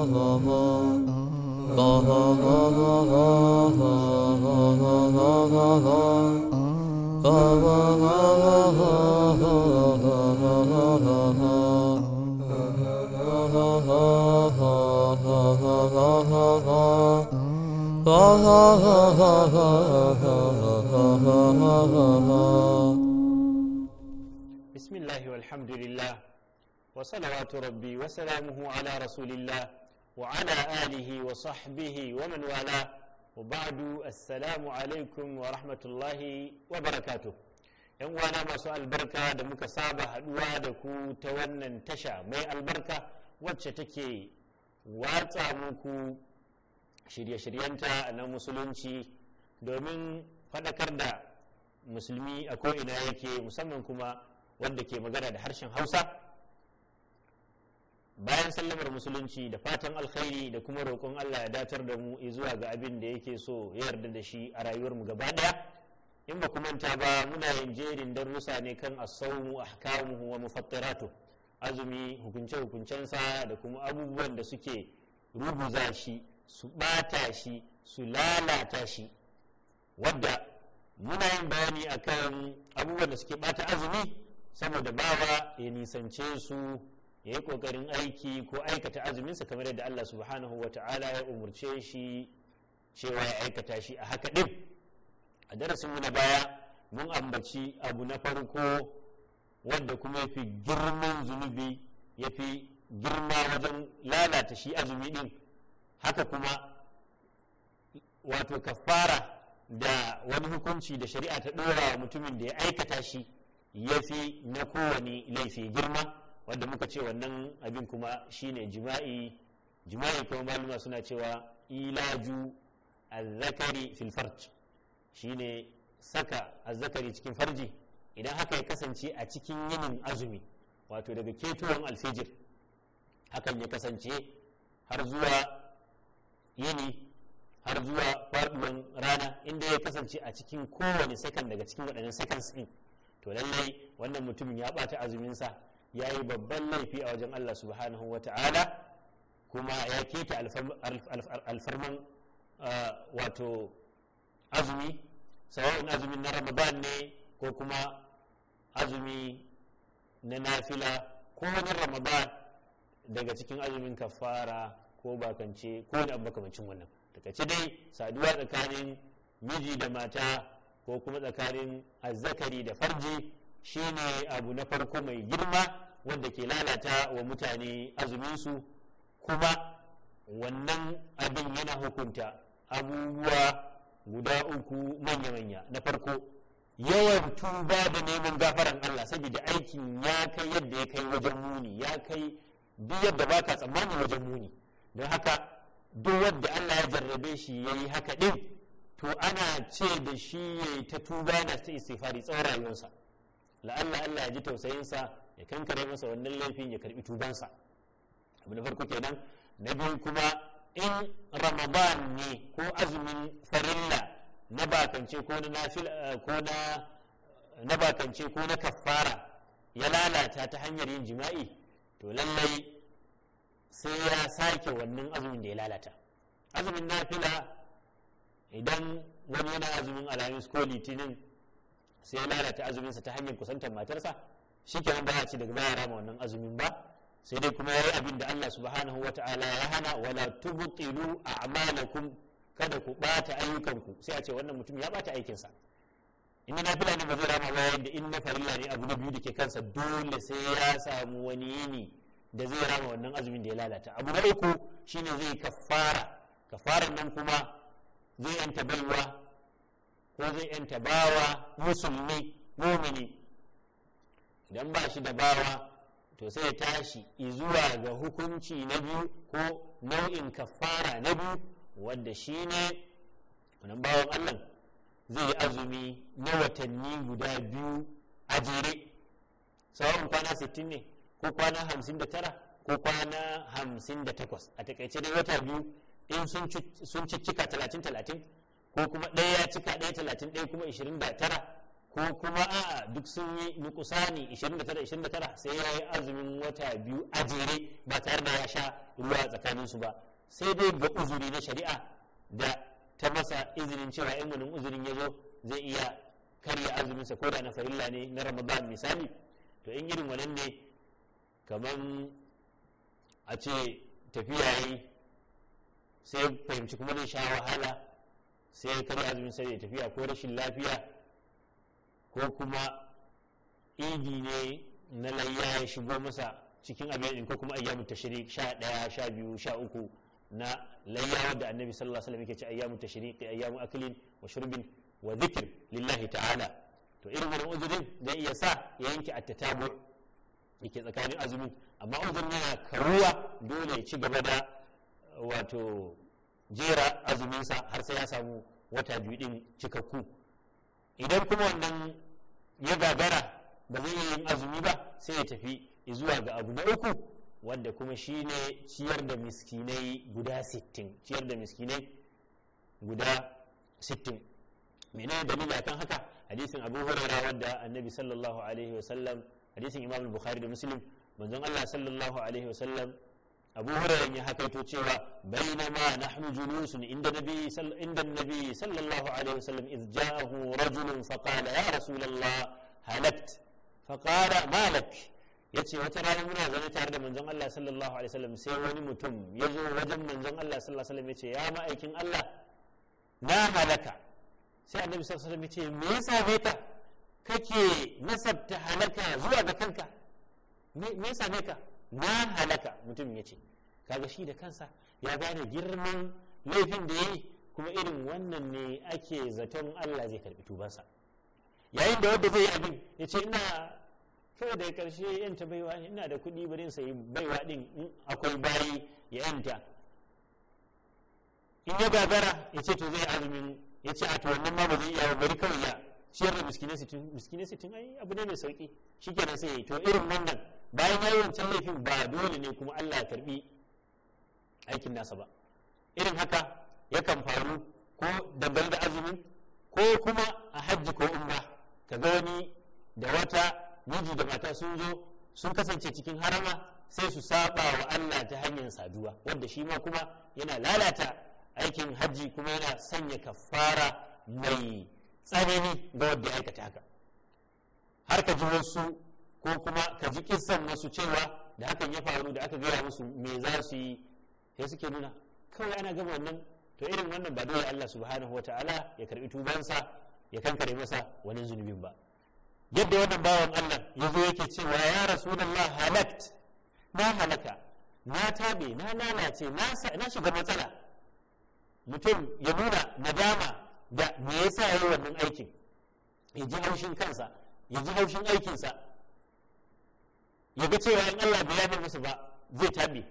بسم الله والحمد لله وصلوات ربي وسلامه على رسول الله وعلى wa وصحبه wa والاه وبعد السلام عليكم ورحمة wa وبركاته yan uwana masu albarka da muka saba haduwa da ku ta wannan tasha mai albarka wacce take watsa muku shirye-shiryenta na musulunci domin faɗakar da musulmi a ko'ina yake musamman kuma wanda ke magana da harshen hausa bayan sallamar musulunci da fatan alkhairi da kuma roƙon Allah ya datar da mu zuwa ga abin da yake so ya yarda da shi a rayuwar mu gaba daya in ba ku manta ba muna yin jerin darussa ne kan as-sawmu ahkamuhu wa mufattiratu azumi hukunce hukuncensa da kuma abubuwan da suke ruguza shi su bata shi su lalata shi wadda muna yin bayani akan abubuwan da suke bata azumi saboda baba ya nisance su ya yi ƙoƙarin aiki ko aikata azuminsa kamar yadda Allah subhanahu wa ta'ala ya umarce shi cewa ya aikata shi a haka ɗin a darasinmu na baya mun ambaci abu na farko wanda kuma ya fi girman zunubi ya fi girma wajen lalata shi azumi ɗin haka kuma wato kafara da wani hukunci da shari'a ta ɗora wa mutumin da ya aikata shi ya fi na kowane laifi girma wanda muka ce wannan abin kuma shine jima'i jima'i kuma maluma suna cewa ilaju azzakari fil farj shine saka azzakari cikin farji idan haka ya kasance a cikin yinin azumi wato daga ketowar alfijir hakan ya kasance har zuwa yini har zuwa faduwan rana inda ya kasance a cikin kowane sakan daga cikin waɗannan sakans ɗin to lallai wannan mutumin ya ɓata azuminsa ya yi babban laifi a wajen Allah subhanahu wa ta'ala kuma ya keta alfarman uh, wato azumi sawa'in azumi na ramadan ne ko kuma azumi na nafila ko na ramadan daga cikin azumin kafara ko bakance ko da makamancin wannan ce dai saduwa tsakanin miji da mata ko kuma tsakanin azzakari da farji shine abu na farko mai girma wanda ke lalata wa mutane azuminsu kuma wannan abin yana hukunta abubuwa guda uku manya-manya na farko yawan tuba da neman gafaran Allah saboda aikin ya kai yadda ya kai wajen muni ya kai duk yadda ba ka tsammani wajen muni don haka duk wanda Allah ya jarrabe shi ya yi haka ɗin to ana ce da shi ya yi ta tuba na ta istighfari tsawon rayuwarsa la'alla Allah ya ji tausayinsa ya kankare masa wannan laifin ya karbi tubansa abu na farko kenan na biyu kuma in ramadan ne ko azumin farilla na bakance ko na nafil eh, ko na na bakance ko na kaffara ya lalata ta hanyar yin jima'i to lallai sai ya sake wannan azumin da ya lalata azumin nafila idan wani yana azumin alhamis ko litinin sai ya lalata azuminsa ta hanyar kusantar matarsa shi ke ba ya ci daga baya rama wannan azumin ba sai dai kuma yayi abin da Allah subhanahu wa ta'ala ya hana wala tubtilu a'malakum kada ku bata ayyukanku sai a ce wannan mutum ya bata aikinsa in na fila ba zai rama ba yadda in na farilla ne abu na biyu da ke kansa dole sai ya samu wani yini da zai rama wannan azumin da ya lalata abu na uku shine zai kafara kafaran nan kuma zai yanta baiwa ko zai yanta bawa musulmi mumini idan ba shi da bawa to sai ya tashi zuwa ga hukunci na biyu ko nau'in kafara na biyu wanda shi ne wannan bawan allah zai yi azumi na watanni guda biyu a jere sauran kwana 60 ne ko kwana 59 ko kwana 58 a takaice dai wata biyu in sun ciccika 30-30 ko kuma ɗaya ya cika ɗaya talatin ɗaya kuma ishirin da tara ko kuma a'a duk sun yi nukusani da tara sai ya yi azumin wata biyu a jere ba tare da ya sha ruwa tsakanin su ba sai dai ga uzuri na shari'a da ta masa izinin cewa in wani uzurin ya zo zai iya karya sa ko da na farilla ne na ramadan misali to in irin wannan ne kamar a ce tafiya yi sai fahimci kuma zai sha wahala sai ya karya azumin sai ya tafiya ko rashin lafiya ko kuma idi ne na layya ya shigo masa cikin abin ko kuma ayyamu tashriq sha ɗaya sha biyu sha uku na layya wadda annabi sallallahu alaihi wasallam yake ce ayyamu tashriq ayyamu aklin wa shurbin wa dhikr lillahi ta'ala to irin wannan uzurin zai iya sa ya yanke attatabu yake tsakanin azumin amma uzurin yana karuwa dole ya ci gaba da wato jera azuminsa har sai ya samu wata biyu din cikakku idan kuma wannan ya gagara ba zai iya yin azumi ba sai ya tafi zuwa ga abu na uku wanda kuma shine ciyar da miskinai guda sittin ciyar da miskinai guda sittin da dalili akan haka hadisin abu hurairah wanda annabi sallallahu alaihi wasallam hadisin imam bukhari da muslim manzon allah sallallahu alaihi wasallam abu hurairah ya hakaito cewa na nahnu julusun inda nabi inda nabi sallallahu alaihi wasallam iz ja'ahu rajulun faqala ya rasulullah halakt faqala malak yace wata rana muna zaune tare da manzon Allah sallallahu alaihi wasallam sai wani mutum ya zo wajen manzon Allah sallallahu alaihi wasallam yace ya ma'aikin Allah na halaka sai annabi sallallahu alaihi wasallam yace me yasa bai ka kake nasabta halaka zuwa ga kanka me yasa bai ka na halaka mutum ya ce kaga shi da kansa ya gane girman laifin da ya yi kuma irin wannan ne ake zaton Allah zai karbi tubansa yayin da wanda zai yi abin ya ce ina kawai da karshe yanta baiwa ina da kuɗi barin sayi baiwa din in akwai bayi ya yanta in ya gagara ya ce to zai azumin ya ce a to wannan ma ba zai iya bari kawai ya ciyar da miskinai sittin miskinai sittin ai abu ne mai sauki shikenan sai to irin wannan bayan ya yi wancan laifin ba dole ne kuma Allah ya karbi aikin nasa ba irin haka yakan faru ko dangane da azumin ko kuma a hajji ko umra ka ga wani da wata miji da mata sun zo sun kasance cikin harama sai su saba wa Allah ta hanyar saduwa wanda shi ma kuma yana lalata aikin hajji kuma yana sanya kafara mai tsanani ga wanda ya aikata haka har ka ji wasu ko kuma ka ji kisan masu cewa da hakan ya faru da aka gaya musu me za su yi sai suke nuna kawai ana gama wannan to irin wannan ba dole Allah subhanahu wa ta'ala ya karbi tubansa ya kankare masa wani zunubin ba yadda wannan bawan Allah ya zo yake cewa ya rasulullah halakt na halaka na tabe na lalace na shiga matsala mutum ya nuna nadama da me yasa yayi wannan aikin ya ji haushin kansa ya ji haushin aikinsa ya ga cewa in Allah bai yafe masa ba zai tabi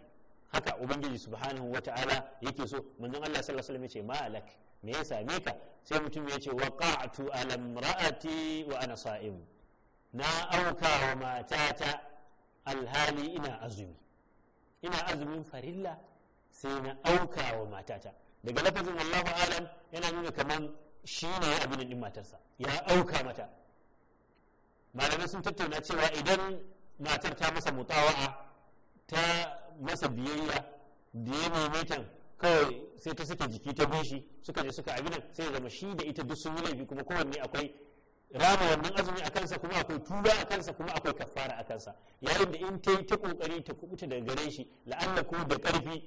haka ubangiji subhanahu wata'ala yake so manzon Allah sallallahu alaihi wasallam ya ce ma'alak me ya same ka sai mutum ya ce waqa'tu ala imra'ati wa ana sa'im na auka wa matata alhali ina azumi ina azumin farilla sai na auka wa matata daga lafazin wallahu alam yana nuna kaman shi ne abin din matarsa ya auka mata malamai sun tattauna cewa idan matar ta masa mutawa ta masa biyayya da ya mamaitan kawai sai ta sake jiki ta bushi suka je suka abinan sai ya zama shi da ita duk sun yi laifi kuma kowanne akwai rama wannan azumi a kansa kuma akwai tuba a kansa kuma akwai kafara a kansa yayin da in ta yi ta kokari ta kubuta daga gare shi la'alla ko da karfi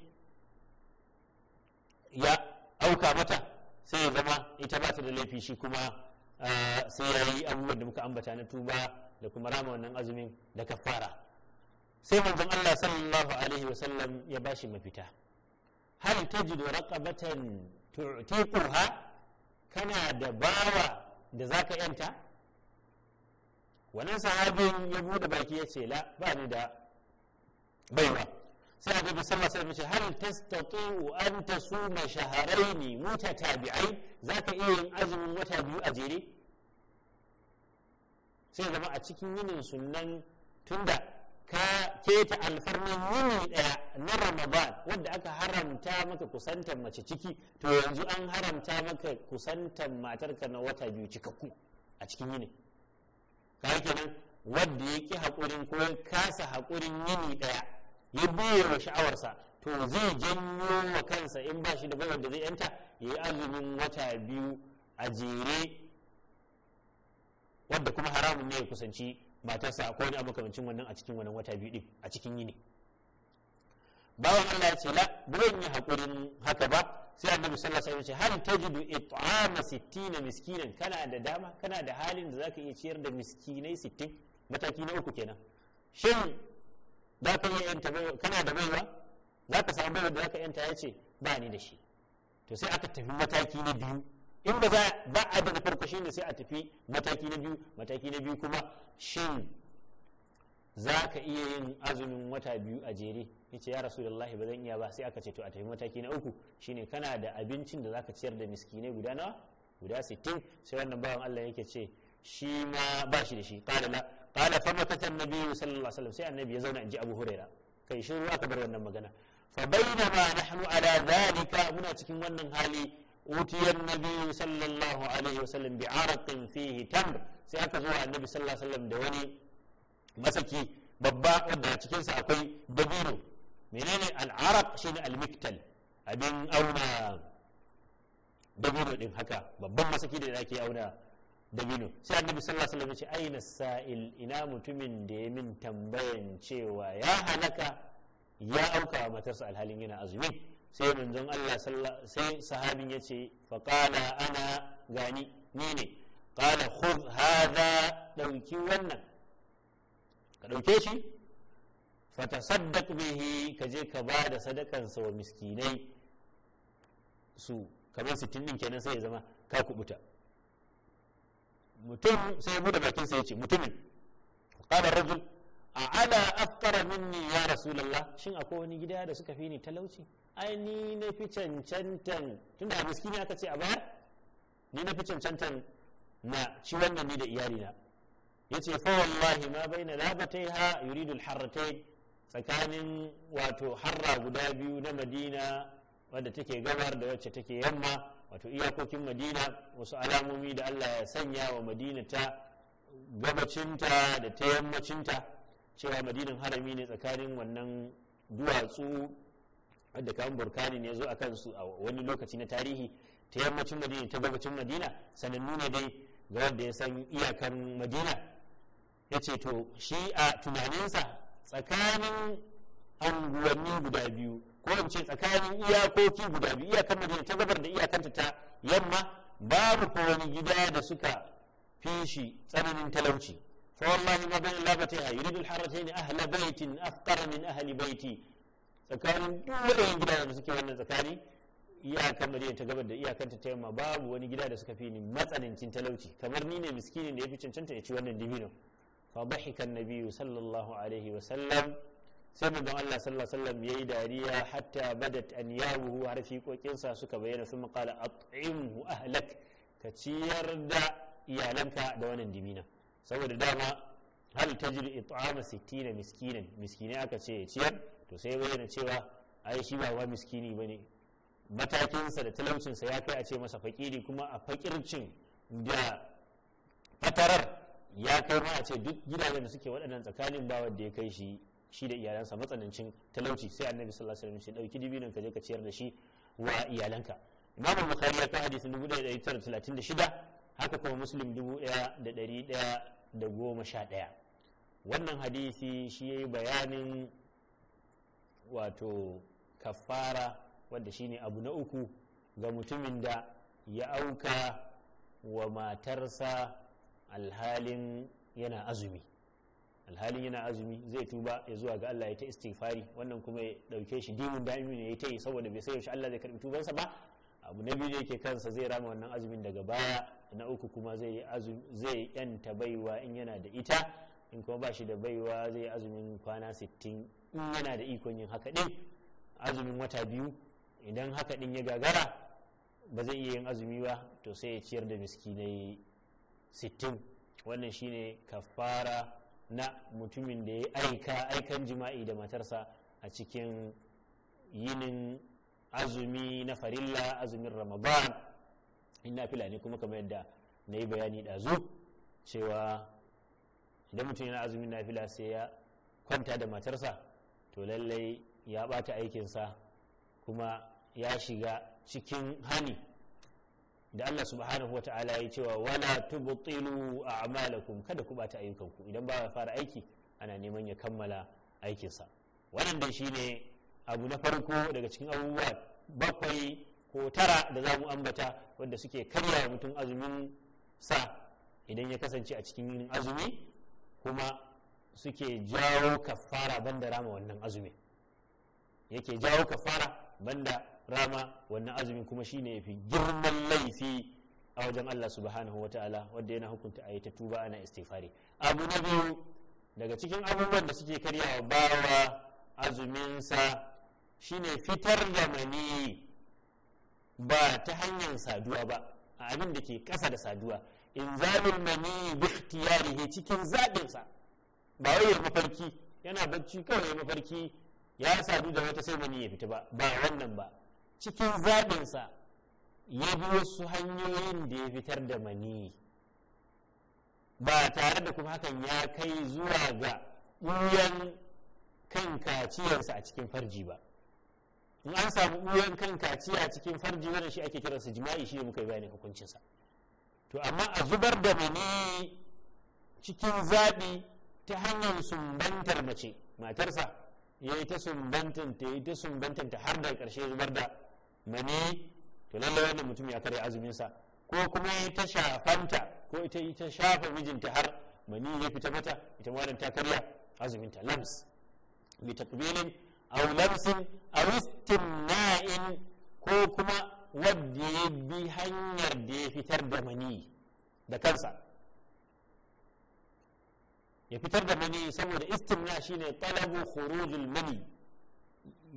ya auka mata sai ya zama ita ba ta da laifi shi kuma ah, sai ya yi abubuwan da muka ambata na tuba da kuma rama wannan azumin da kafara sai manzon Allah sallallahu alaihi wa sallam ya bashi mafita hal tajidu raqabatan tu'tiquha kana da bawa da zaka yanta wannan sahabin ya bude baki ya ce la ba ni da baiwa sai bi sallallahu alaihi wa sallam hal tastati'u an tasuma shahrayni mutatabi'ai zaka iya yin azumin wata biyu a jere sai zama a cikin yinin sunan tunda ka keta alfarmin yini daya na ramadan wanda aka haramta maka kusantar mace ciki to yanzu an haramta maka kusantar matarka na wata biyu cikakku a cikin yini ka kenan wanda ya ki haƙurin ko kasa haƙurin yini daya ya biye wa sha'awarsa to zai janyo wa kansa in ba shi da bawar da zai yanta ya yi azumin wata biyu a jere wadda kuma haramun ne ya kusanci matarsa ko wani abu wannan a cikin wannan wata biyu din a cikin yini bawan Allah ya ce la ban yi hakurin haka ba sai annabi sallallahu alaihi wasallam ya ce hal tajidu it'ama 60 miskinan kana da dama kana da halin da zaka iya ciyar da miskinai 60 mataki na uku kenan shin za ka iya yanta kana da baiwa za ka samu baiwa da za ka yanta ya ce ba ni da shi to sai aka tafi mataki na biyu in ba za ba a daga farko shine sai a tafi mataki na biyu mataki na biyu kuma shin za ka iya yin azumin wata biyu a jere yace ya rasulullahi ba zan iya ba sai aka ce to a tafi mataki na uku shine kana da abincin da zaka ciyar da miskinai guda nawa guda 60 sai wannan bawan Allah yake ce shi ma ba shi da shi qala la qala fa matata nabi sallallahu alaihi wasallam sai annabi ya zauna inji Abu Huraira kai ruwa ka bar wannan magana fa bainama nahnu ala dhalika muna cikin wannan hali أوتي النبي صلى الله عليه وسلم بعرق فيه تمر سيأكا زوى النبي صلى الله عليه وسلم دواني مسكي ببا ودها تكين سأقول دبينو منين العرق شين المكتل أبين أونا دبينو دين هكا ببا مسكي دين أكي أونا dabino sai annabi sallallahu alaihi wasallam ya ce aina sa'il ina mutumin da ya min tambayan cewa ya halaka ya auka wa matarsa alhalin yana azumi sai manzon Allah sai sahabin ya ce faƙala ana gani ni ne ƙala khudh ɗauki wannan ka ɗauke shi fatasaddaq bihi ka je ka ba da sadakansa wa miskinai su kamar sittin ɗin kenan sai ya zama ka kubuta mutum sai mu da bakin ya ce mutumin qala rajul a ana aftara minni ya rasulullah shin akwai wani gida da suka fi ni talauci ai ni na fi cancantan tunda miskini aka ce a baya? ni na fi cancantan na ci wannan ni da iyalina yace fa wallahi ma labatai ha yuridul harratai tsakanin wato harra guda biyu na madina wadda take gabar da wacce take yamma wato iyakokin madina wasu alamomi da allah ya sanya wa madina ta gabacinta da ta yammacinta cewa madinin harami ne tsakanin wannan duwatsu wadda kamun burkani ne zo a kansu a wani lokaci na tarihi ta yammacin madina ta gabacin madina sanannu ne dai ga wanda ya san iyakan madina ya ce to shi a tunaninsa tsakanin anguwanni guda biyu ko in ce tsakanin iyakoki guda biyu iyakan madina ta gabar da iyakanta ta yamma babu ko wani gida da suka fi shi tsananin talauci والله ما بين لافتها يريد الحرتين أهل بيت أفقر من أهل بيتي tsakanin duk waɗannan gidajen da suke wannan tsakani iyakan madina ta gabar da iyakan ta yamma babu wani gida da suka fi ni matsanancin talauci kamar ni ne miskinin da ya fi cancanta ya ci wannan dibino fa dhahika nabiyyu sallallahu alaihi wa sallam sai manzon Allah sallallahu wa sallam yayi dariya hatta badat an yahu har fiƙoƙinsa suka bayyana sun qala at'imhu ahlak ka ciyar da iyalanka da wannan dibina saboda dama hal tajri it'ama sittina miskinan miskinai aka ce ya ciyar to sai bayyana cewa ai shi ba wa miskini ba ne matakinsa da talaucinsa ya kai a ce masa fakiri kuma a fakircin da fatarar ya kai ma a ce duk gidajen da suke waɗannan tsakanin ba wadda ya kai shi shi da iyalansa matsanancin talauci sai annabi sallallahu alaihi wasallam ya dauki dibinin ka je ka ciyar da shi wa iyalanka imam bukhari ya kai hadisi 1936 haka kuma muslim 1100 da goma sha ɗaya wannan hadisi shi ya yi bayanin wato kafara wanda shine abu na uku ga mutumin da ya auka wa matarsa alhalin yana azumi alhalin yana azumi zai tuba ya zuwa ga Allah ya ta istighfari wannan kuma ya dauke shi dimin da'imi ne ya ta yi saboda bai sai yaushe Allah zai karbi tubansa ba abu na biyu da yake kansa zai rama wannan azumin daga baya na uku kuma zai zai yanta baiwa in yana da ita in kuma ba shi da baiwa zai azumin kwana 60 in yana da ikon yin haka din azumin wata biyu idan haka din ya gagara ba zai iya yin azumi ba to sai ya ciyar da miskinai 60 wannan shine kafara na mutumin da ya aika aikan jima'i da matarsa a cikin yinin azumi na farilla azumin ramadan in fila ne kuma kamar yadda na yi bayani ɗazu cewa idan mutum yana azumin na fila sai ya kwanta da matarsa to lallai ya bata aikinsa kuma ya shiga cikin hani da Allah subhanahu ta'ala ya cewa wala tubtilu a'malakum kada ku bata ayyukanku idan ba fara aiki ana neman ya kammala aikinsa wannan shi shine abu na farko daga cikin abubuwa bakwai ko tara da za mu ambata wadda suke karya mutum azumin sa idan ya kasance a cikin yin azumi kuma suke jawo kafara banda rama wannan azumi yake jawo kafara banda rama wannan azumi kuma shine fi girman laifi a wajen Allah subhanahu Ta'ala wadda yana hukunta ayi ta tuba ana istighfari abu na biyu daga cikin abubuwan da suke karyawa bawa azuminsa shine fitar da maniyi ba ta hanyar saduwa ba a abin da ke ƙasa da saduwa in zalin mani bi ikhtiyarihi cikin zaɓinsa ba wai mafarki yana bacci kawai ya mafarki ya sadu da wata sai mani ya fita ba ba wannan ba cikin zaɓinsa ya bi wasu hanyoyin da ya fitar da mani ba tare da kuma hakan ya kai zuwa ga ɓuyan kan kaciyarsa a cikin farji ba in an samu uwan kan kaciya cikin farji wannan shi ake kiransa jima'i shi ne muka yi bayanin hukuncinsa to amma a zubar da mani cikin zaɓi ta hanyar sumbantar mace matarsa ya yi ta sumbantanta ya yi ta sumbantanta har da ƙarshe zubar da mani to lallai wannan mutum ya karya azuminsa ko kuma ya ta shafanta ko ita yi ta shafa mijinta har mani ya fita mata ita wannan ta karya azuminta lams bi takbilin aw labsin aw istimna'in ko kuma wanda ya bi hanyar da ya fitar da mani da kansa ya fitar da mani saboda istimna shine talabu khurujul mani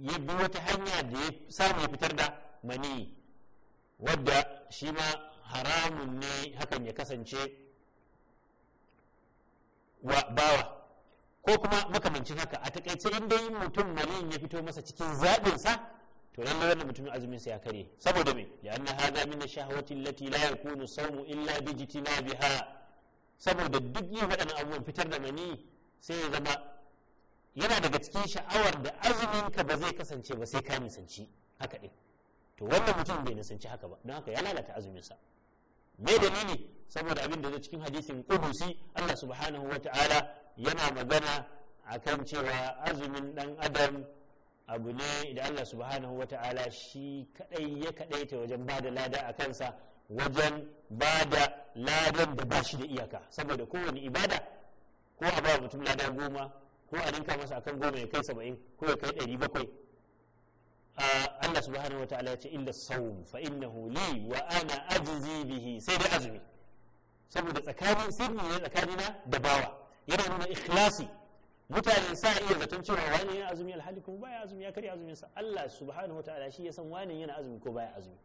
ya bi wata hanya da ya samu ya fitar da mani wadda shi ma haramun ne hakan ya kasance wa bawa ko kuma makamancin haka a takaice in dai mutum maliyin ya fito masa cikin zaɓin sa to lallai wannan mutumin azumin sa ya karye? saboda me ya anna hada min ash-shahwati allati la yakunu sawmu illa bi jitinabiha saboda duk yin waɗannan abubuwan fitar da mani sai ya zama yana daga cikin sha'awar da azumin ka ba zai kasance ba sai ka nisanci haka ɗin to wannan mutum bai nisanci haka ba don haka ya lalata azumin sa me dalili saboda abin da zai cikin hadisin kudusi Allah subhanahu wata'ala yana magana a kan cewa azumin dan adam abu ne da Allah subhanahu wa ta'ala shi kadai ya ta wajen ba da lada a kansa wajen ba da ladan da ba shi da iyaka saboda kowane ibada ko a ba mutum lada goma ko a ninka masa akan goma ya kai saba'in ko ya kai ɗari bakwai Allah subhanahu wa ta'ala ya ce illa sawm fa innahu li wa ana ajzi bihi sai da azumi saboda tsakanin sirri ne tsakanina da bawa yana nuna ikhlasi mutane sa iya zaton cewa wani yana azumi alhali kuma baya azumi ya karya azumin sa Allah subhanahu wataala shi ya san wani yana azumi ko baya azumi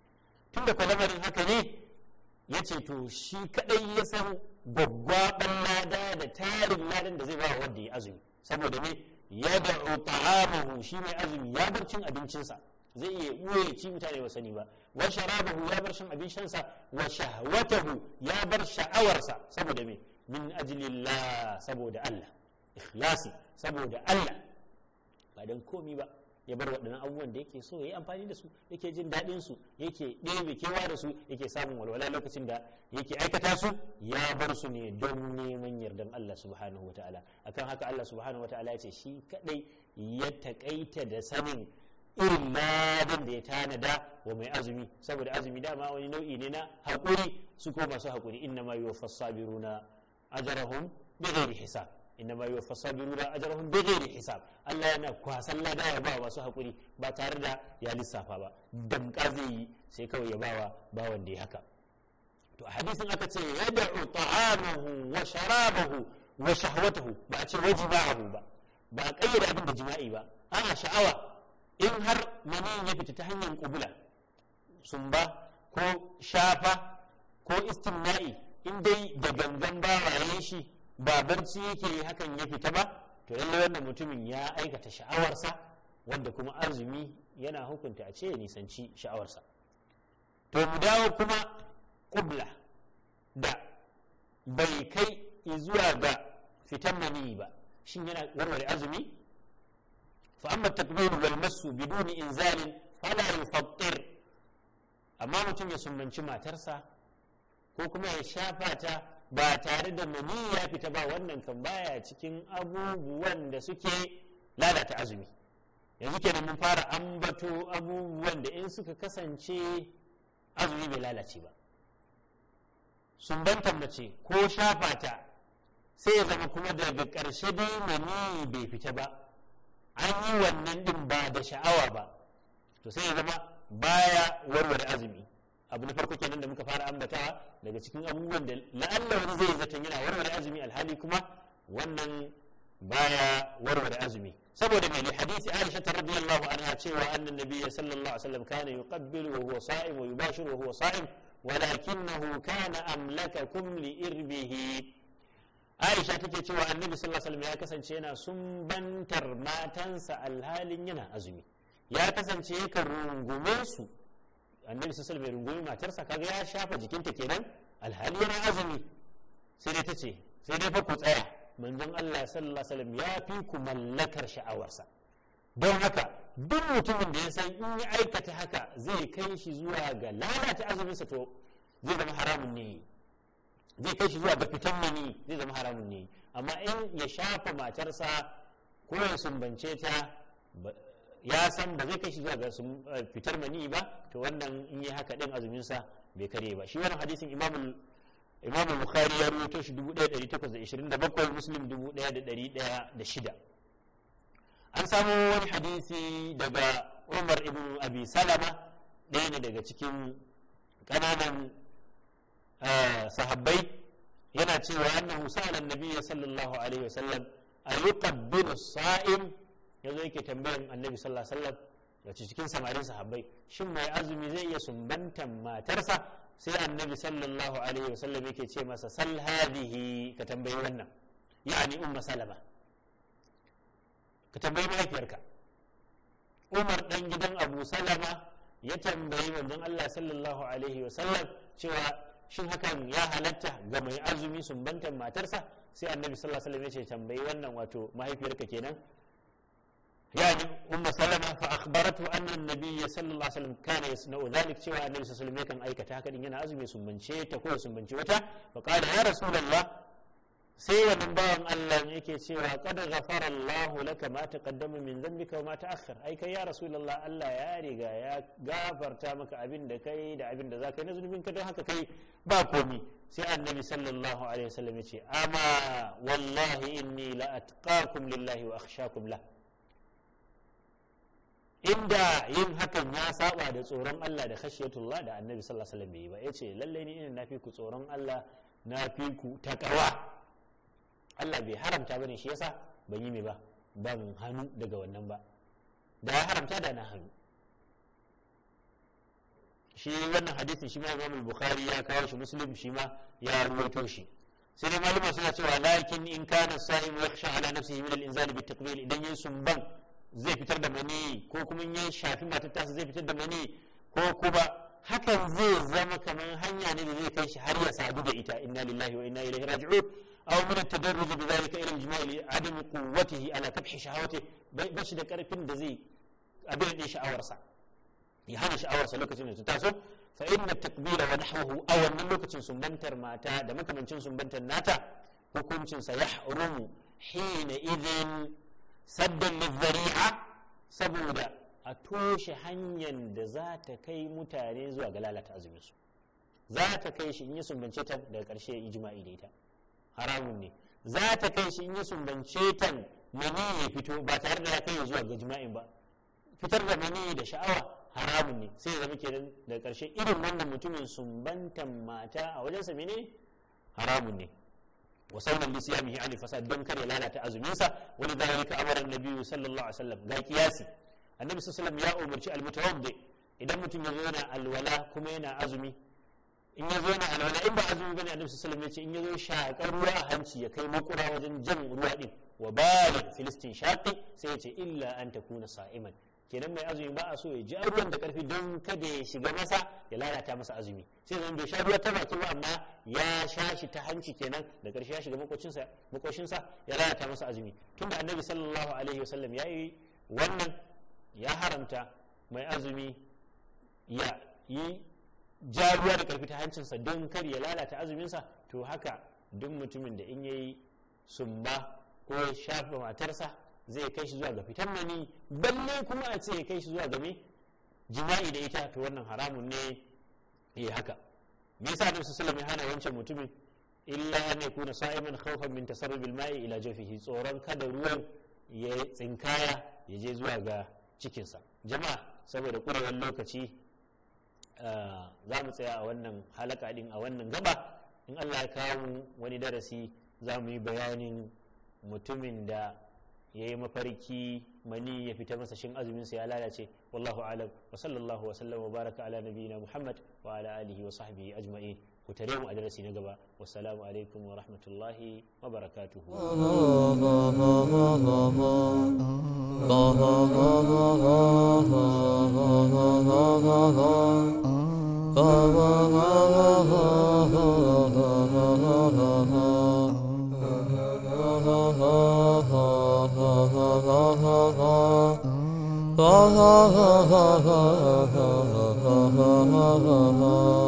tunda ko lamarin haka ne ce to shi kadai ya san gwaggwaban lada da tarin ladan da zai ba wanda ya azumi saboda ne ya da'u ta'amahu shi mai azumi ya bar cin abincinsa zai iya ɓoye ci mutane ba sani ba wa sharabahu ya bar shan abin shansa wa shahwatahu ya bar sha'awarsa saboda me min ajilillah saboda Allah ikhlasi saboda Allah ba don komi ba ya bar waɗannan abubuwan da yake so ya yi amfani da su yake jin daɗin su yake ɗebe kewa da su yake samun walwala lokacin da yake aikata su ya bar su ne don neman yardan Allah subhanahu wa ta'ala akan haka Allah subhanahu wa ta'ala ya ce shi kadai ya takaita da sanin irin ladan da ya tanada wa mai azumi saboda azumi dama wani nau'i ne na hakuri su ko masu haƙuri inna ma yuwaffas sabiruna ajrahum bighairi hisab innama yuwaffa sabiruna ajrahum bighairi hisab Allah yana kwasan lada ya ba su hakuri ba tare da ya lissafa ba damka yi sai kawai ya bawa ba da ya haka to a hadisin aka ce yad'u ta'amahu wa sharabahu wa shahwatahu ba a wajiba wajibahu ba ba a abin da jima'i ba a'a sha'awa in har mani ya fita ta hanyar kubula sumba ko shafa ko istimna'i in dai da gangan ba raye shi ba barci yake hakan ya fita ba to lallai wannan mutumin ya aikata sha'awarsa wanda kuma azumi yana hukunta a ce ya nisanci sha'awarsa to mu dawo kuma kubla da bai kai zuwa ga fitan mani ba shin yana warware azumi fa amma takbiru wal masu biduni inzalin fala yufattir amma mutum ya sumbanci matarsa ko kuma ya shafa ta ba tare da mani ya fita ba wannan kan baya cikin abubuwan da suke lalata azumi yanzu kenan mun fara ambato abubuwan da in suka kasance azumi bai lalace ba banta mace ko shafa ta sai ya zama kuma daga ƙarshe dai mani bai fita ba an yi wannan din ba da sha'awa ba to sai ya zama baya warware azumi abu na farko kenan da muka fara ambatawa daga cikin abubuwan da la'alla wani zai zaton yana warware azumi alhali kuma wannan baya warware azumi saboda mai li hadisi Aisha radiyallahu anha cewa annan nabiyyi sallallahu alaihi wasallam kana yuqabbilu wa huwa sa'im wa yubashiru wa huwa sa'im walakinahu kana amlakakum li irbihi Aisha take cewa annabi sallallahu alaihi wasallam ya kasance yana sumbantar matansa alhalin yana azumi ya kasance yakan rungume su annabi sun salme rungumi matarsa kaga ya shafa jikinta kenan alhali yana azumi sai dai ta ce sai dai fa ku tsaya manzon Allah sallallahu alaihi wasallam ya fi ku mallakar sha'awarsa don haka duk mutumin da ya san in ya aikata haka zai kai shi zuwa ga lalata azuminsa to zai zama haramun ne zai kai shi zuwa ga fitan mani zai zama haramun ne amma in ya shafa matarsa ko ya sumbance ta ya san ba zai kai shi zuwa ga eh, fitar mani ba to wannan in yi haka din azumin sa bai kare ba shi wannan hadisin Imam imam bukhari ya rawaito shi 1827 muslim 1106 an samu wani hadisi daga umar ibn abi salama ɗaya ne daga cikin kananan eh, sahabbai yana cewa annahu sa'ala annabiyya sallallahu alaihi wasallam ayyuqabbilu sa'im ya zo yake tambayan annabi sallallahu alaihi wasallam da cikin samarin sahabbai shin mai azumi zai iya sumbantan matarsa sai annabi sallallahu alaihi wasallam yake ce masa sal hadhihi ka tambayi wannan yani umma salama ka tambayi mahaifiyarka umar dan gidan abu salama ya tambayi manzon Allah sallallahu alaihi wasallam cewa shin hakan ya halatta ga mai azumi sumbantan matarsa sai annabi sallallahu alaihi wasallam ya ce tambayi wannan wato mahaifiyarka kenan yani umma salama fa akhbaratu anna an-nabiy sallallahu alaihi wasallam kana yasna'u dhalik cewa annabi sallallahu alaihi wasallam kan aikata haka din yana azumi sumbance ta ko sumbance wata fa qala ya rasulullah sai wannan bawan Allah yake cewa qad ghafara Allahu laka ma taqaddama min dhanbika wa ma ta'akhkhar ai kai ya rasulullah Allah ya riga ya gafarta maka abin da kai da abin da zaka yi na zunubin ka don haka kai ba komi sai annabi sallallahu alaihi wasallam ya ce amma wallahi inni la lillahi wa akhshakum inda yin hakan ya saba da tsoron Allah da khashiyatullah da annabi sallallahu alaihi wasallam bai yi ba yace lalle ni ina nafi ku tsoron Allah nafi ku takawa Allah bai haramta bane shi yasa ban yi me ba ban hannu daga wannan ba da ya haramta da na hannu shi wannan hadisi shi ma Imam Bukhari ya kawo shi Muslim shi ma ya rawaito shi sai dai malama suna cewa lakin in kana sa'im yakhsha ala nafsihi min al inzal bi taqbil idan yin sumban zai fitar da mani ko kuma ya shafi matar tasa zai fitar da mani ko kuma hakan zai zama kamar hanya ne da zai kai shi har ya sadu da ita inna lillahi wa inna ilaihi raji'un aw min at-tadarruj bi dhalika ila al-jama'i adam quwwatihi ala kabhi shahawati bashi da karfin da zai abin din sha'awarsa ya hana sha'awarsa lokacin da ta taso fa inna takbira wa nahwahu aw wannan lokacin sumbantar mata da makamancin sumbantar nata hukuncin sa yahrumu hina idhin saddan zari'a saboda a toshe hanyar da za ta kai mutane zuwa ga lalata azuminsu za ta kai shi in yi sumbance ta daga karshe ijma'i da ita haramun ne za ta kai shi in yi sumbance ta mani ya fito ba tare da ya kai zuwa ga jima'in ba fitar da mani da sha'awa haramun ne sai zama kenan daga karshe irin wannan mutumin sumbantan mata a wajensa mene haramun ne wa sauran li siyamihi an fasad don kare lalata azuminsa wani wani ka amara annabi sallallahu alaihi wasallam ga kiyasi annabi sallallahu alaihi wasallam ya umarci almutawaddi idan mutum ya zo yana alwala kuma yana azumi in ya zo yana alwala in ba azumi bane annabi sallallahu alaihi wasallam ya ce in ya zo shakar ruwa a hanci ya kai makura wajen jan ruwa din wa balig filistin shaqi sai ya ce illa an takuna sa'iman kenan mai azumi ba a so ya ji abubuwan da karfi don kada ya shiga masa ya lalata masa azumi sai zan bai sha ruwa ta baki ba amma ya sha shi ta hanci kenan da karshe ya shiga makoshinsa ya lalata masa azumi tunda annabi sallallahu alaihi wasallam ya yi wannan ya haramta mai azumi ya yi jaruwa da karfi ta hancinsa don kar ya lalata azuminsa to haka duk mutumin da in yayi sumba ko shafe shafa matarsa zai kai shi zuwa ga fitan mani balle kuma a ce ya kai shi zuwa ga me jima'i da ita to wannan haramun ne ya haka me yasa Annabi sallallahu alaihi hana wancan mutumin illa an yakuna sa'iman khawfan min tasarrub al-ma'i ila jawfihi tsoron kada ruwan ya tsinkaya ya je zuwa ga cikinsa jama'a saboda kurewar lokaci ah, za mu tsaya a wannan halaka din a wannan gaba in Allah ya kawo wani darasi za mu yi bayanin mutumin da ya yi mafarki mani ya fita masa shin azuminsa ya lalace wallahu alam wa sallallahu wa sallam wa baraka ala nabiyina muhammad wa ala alihi wa sahbihi ajma'in ku tare mu a darasi na gaba wassalamu alaikum wa rahmatullahi wa barakatuhu ha ha ha